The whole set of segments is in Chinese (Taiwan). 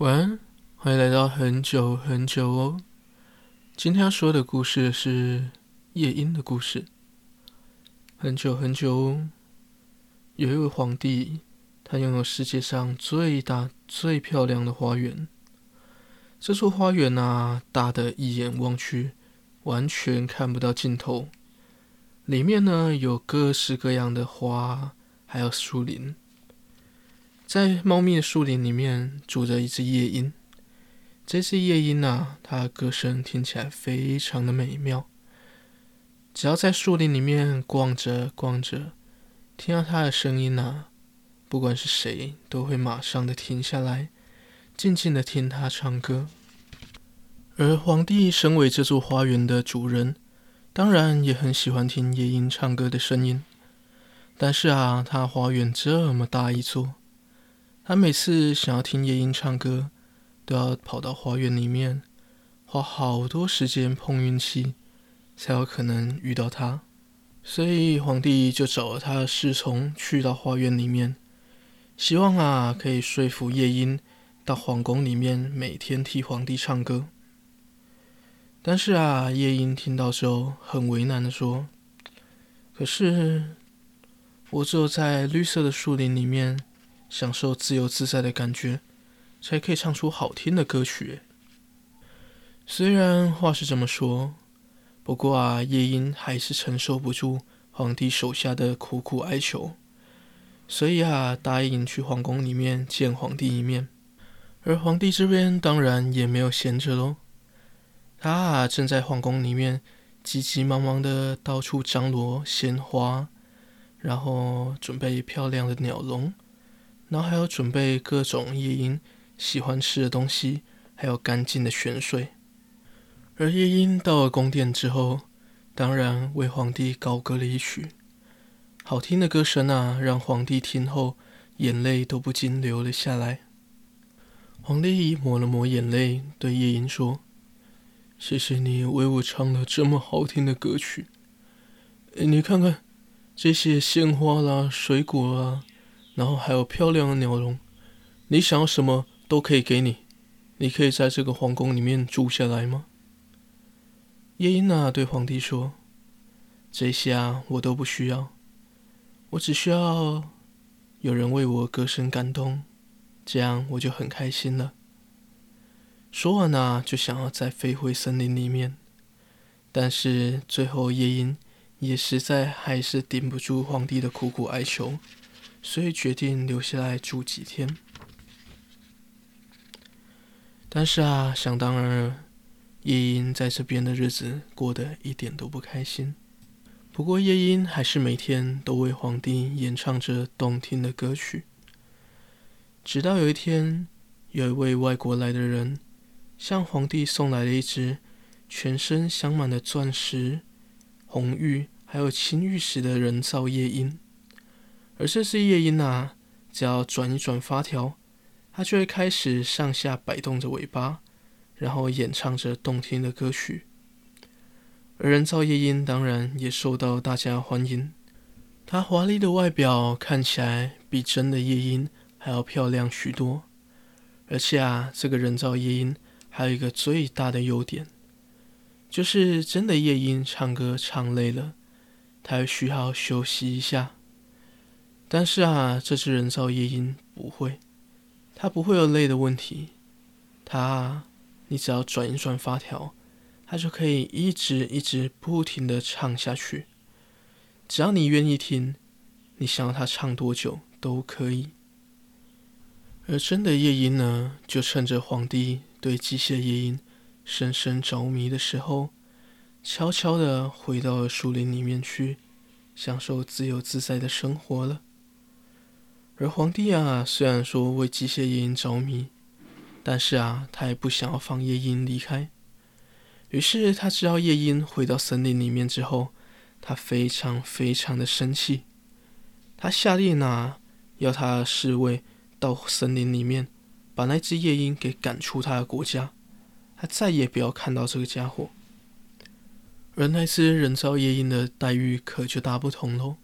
晚安，歡迎來到很久很久哦。今天要說的故事是夜鶯的故事。很久很久哦，有一位皇帝，他擁有世界上最大最漂亮的花園。這座花園吶、啊，大得一眼望去，完全看不到盡頭，裡面呢有各式各樣的花，還有樹林。在茂密的樹林裡面住着一隻夜鶯。這只夜鶯啊，它的歌聲聽起來非常的美妙。只要在樹林裡面逛着逛着，聽到它的聲音啊，不管是誰都會馬上的停下來，靜靜的聽它唱歌。而皇帝身為這座花園的主人，當然也很喜歡聽夜鶯唱歌的聲音。但是啊，他花園這麼大一座。他每次想要聽夜鶯唱歌，都要跑到花園裡面，花好多時間碰運氣，才有可能遇到他。所以皇帝就找了他的侍從去到花園裡面，希望啊，可以說服夜鶯到皇宮裡面每天替皇帝唱歌。但是啊，夜鶯聽到之後很為難的說：“可是我只有在綠色的樹林裡面。”享受自由自在的感覺，才可以唱出好聽的歌曲。雖然話是這麼說，不過啊，夜鶯還是承受不住皇帝手下的苦苦哀求，所以啊，答應去皇宮裡面見皇帝一面。而皇帝這邊當然也沒有閒着嘍，他啊，正在皇宮裡面急急忙忙地到處張羅鮮花，然後準備漂亮的鳥籠。然後還要準備各種夜鶯喜歡吃的東西，還有乾淨的泉水。而夜鶯到了宮殿之後，當然為皇帝高歌了一曲。好聽的歌聲啊，讓皇帝聽後眼淚都不禁流了下來。皇帝抹了抹眼淚，對夜鶯說：“謝謝你為我唱了這麼好聽的歌曲。你看看這些鮮花啦，水果啦。”然後還有漂亮的鳥籠，你想要什麼都可以給你。你可以在這個皇宮裡面住下來嗎？夜鶯啊，對皇帝說：“這些啊，我都不需要，我只需要有人為我歌聲感動，這樣我就很開心了。”說完呢，啊，就想要再飛回森林裡面，但是最後夜鶯也實在還是頂不住皇帝的苦苦哀求。所以決定留下來住幾天。但是啊，想當然了，夜鶯在這邊的日子過得一點都不開心。不過，夜鶯還是每天都為皇帝演唱着動聽的歌曲。直到有一天，有一位外國來的人向皇帝送來了一隻全身鑲滿了鑽石、紅玉還有青玉石的人造夜鶯。而這隻夜鶯啊，只要轉一轉發條，它就會開始上下擺動着尾巴，然後演唱着動聽的歌曲。而人造夜鶯當然也受到大家歡迎，它華麗的外表看起來比真的夜鶯還要漂亮許多。而且啊，這個人造夜鶯還有一個最大的優點，就是真的夜鶯唱歌唱累了，它還需要休息一下。但是啊，這隻人造夜鶯不會，它不會有累的問題。它啊，你只要轉一轉發條，它就可以一直一直不停的唱下去。只要你願意聽，你想要它唱多久都可以。而真的夜鶯呢，就趁着皇帝對機械夜鶯深深着迷的時候，悄悄的回到了樹林裡面去，享受自由自在的生活了。而皇帝啊，雖然說為機械夜鶯着迷，但是啊，他也不想要放夜鶯離開。於是他知道夜鶯回到森林裡面之後，他非常非常的生氣，他下令啊，要他侍衛到森林裡面，把那隻夜鶯給趕出他的國家，他再也不要看到這個家伙。而那隻人造夜鶯的待遇可就大不同嘍、哦。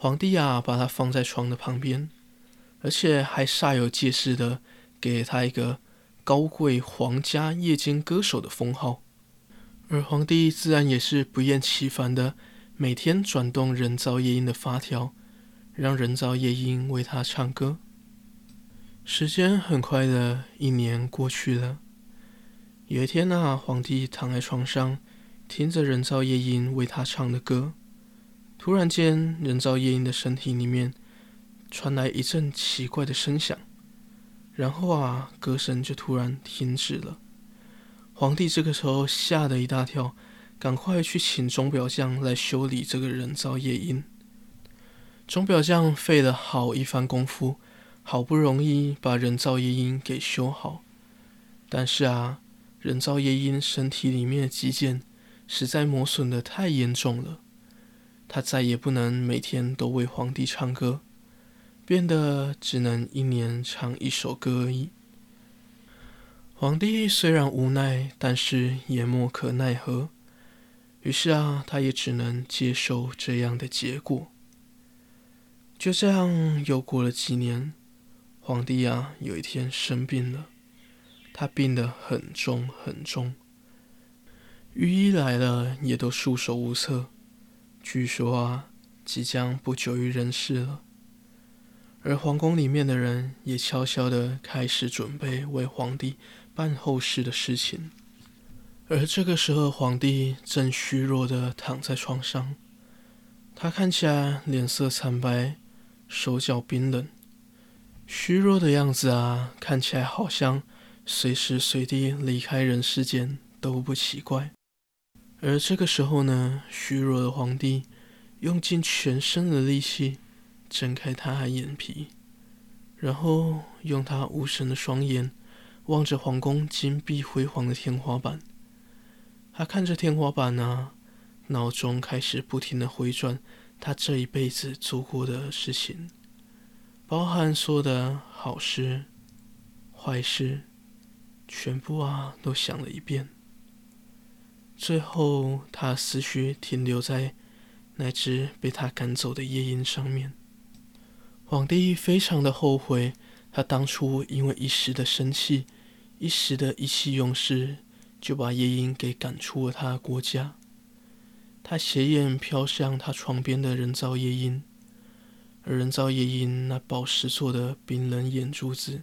皇帝啊，把他放在床的旁邊，而且還煞有介事的給了他一個高貴皇家夜鶯歌手的封號，而皇帝自然也是不厭其煩的每天轉動人造夜鶯的發條，讓人造夜鶯為他唱歌。時間很快的一年過去了，有一天啊，皇帝躺在床上，聽着人造夜鶯為他唱的歌。突然間，人造夜鶯的身體裡面傳來一陣奇怪的聲響，然後啊，歌聲就突然停止了。皇帝這個時候嚇了一大跳，趕快去請鐘錶匠來修理這個人造夜鶯。鐘錶匠費了好一番功夫，好不容易把人造夜鶯給修好，但是啊，人造夜鶯身體裡面的肌腱實在磨損得太嚴重了。他再也不能每天都為皇帝唱歌，變得只能一年唱一首歌而已。皇帝雖然無奈，但是也莫可奈何。於是啊，他也只能接受這樣的結果。就這樣又過了幾年，皇帝啊，有一天生病了，他病得很重很重。御醫來了也都束手無策。據說啊，即將不久於人世了。而皇宮裡面的人也悄悄的開始準備為皇帝辦後事的事情。而這個時候，皇帝正虛弱的躺在床上，他看起來臉色慘白，手腳冰冷，虛弱的樣子啊，看起來好像隨時隨地離開人世間都不奇怪。而這個時候呢，虛弱的皇帝用盡全身的力氣睜開他的眼皮，然後用他無神的雙眼望着皇宮金碧輝煌的天花板。他看着天花板呢、啊，腦中開始不停的迴轉他這一輩子做過的事情，包含說的好事、壞事，全部啊都想了一遍。最後，他思緒停留在那隻被他趕走的夜鶯上面。皇帝非常的後悔，他當初因為一時的生氣，一時的意氣用事，就把夜鶯給趕出了他的國家。他斜眼瞟向他床邊的人造夜鶯，而人造夜鶯那寶石做的冰冷眼珠子，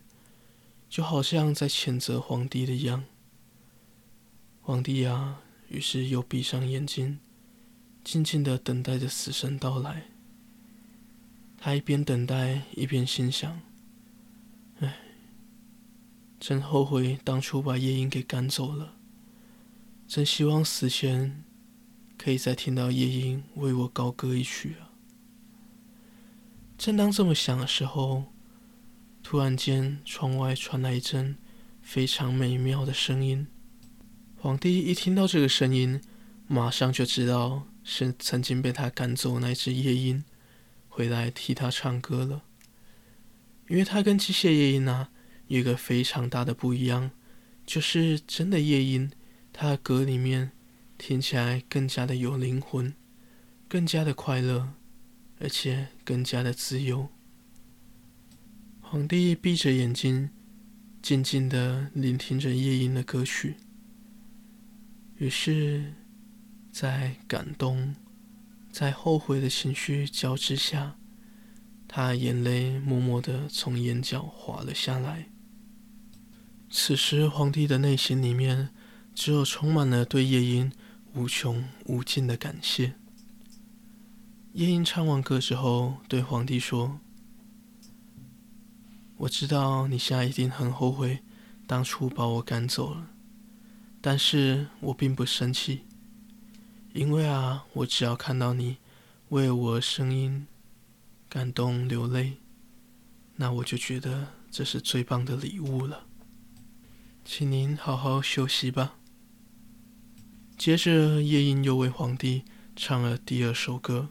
就好像在譴責皇帝的一樣。皇帝啊！於是又閉上眼睛，靜靜地等待着死神到來。他一邊等待，一邊心想：“哎，真後悔當初把夜鶯給趕走了。真希望死前可以再聽到夜鶯為我高歌一曲啊！”正當這麼想的時候，突然間，窗外傳來一陣非常美妙的聲音。皇帝一聽到這個聲音，馬上就知道是曾經被他趕走那隻夜鶯回來替他唱歌了。因為他跟機械夜鶯啊有一個非常大的不一樣，就是真的夜鶯，它的歌裡面聽起來更加的有靈魂，更加的快樂，而且更加的自由。皇帝閉着眼睛，靜靜的聆聽着夜鶯的歌曲。於是，在感動、在後悔的情緒交織下，他眼淚默默的從眼角滑了下來。此時，皇帝的內心裡面只有充滿了對夜鶯無窮無盡的感謝。夜鶯唱完歌之後，對皇帝說：“我知道你現在一定很後悔，當初把我趕走了。”但是我並不生氣，因為啊，我只要看到你為我聲音，感動流淚，那我就覺得這是最棒的禮物了。請您好好休息吧。接着，夜鶯又為皇帝唱了第二首歌，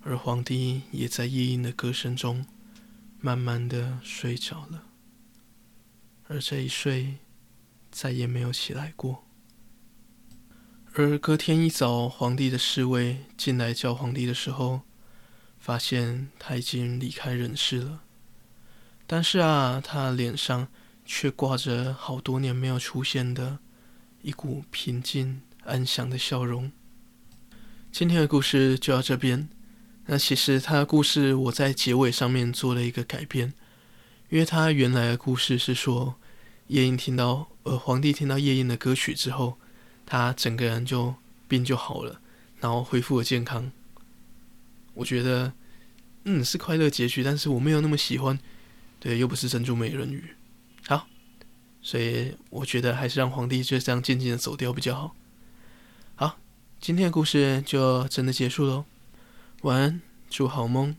而皇帝也在夜鶯的歌聲中慢慢的睡着了。而這一睡，再也沒有起來過。而隔天一早，皇帝的侍衛進來叫皇帝的時候，發現他已經離開人世了。但是啊，他臉上卻掛着好多年沒有出現的一股平靜安詳的笑容。今天的故事就到這邊。那其實他的故事我在結尾上面做了一個改編，因為他原來的故事是說，夜鶯聽到，呃，皇帝聽到夜鶯的歌曲之後，他整個人就病就好了，然後恢復了健康。我覺得，嗯，是快樂結局，但是我沒有那麼喜歡。對，又不是珍珠美人魚，好，所以我覺得還是讓皇帝就這樣靜靜的走掉比較好。好，今天的故事就真的結束嘍。晚安，祝好夢。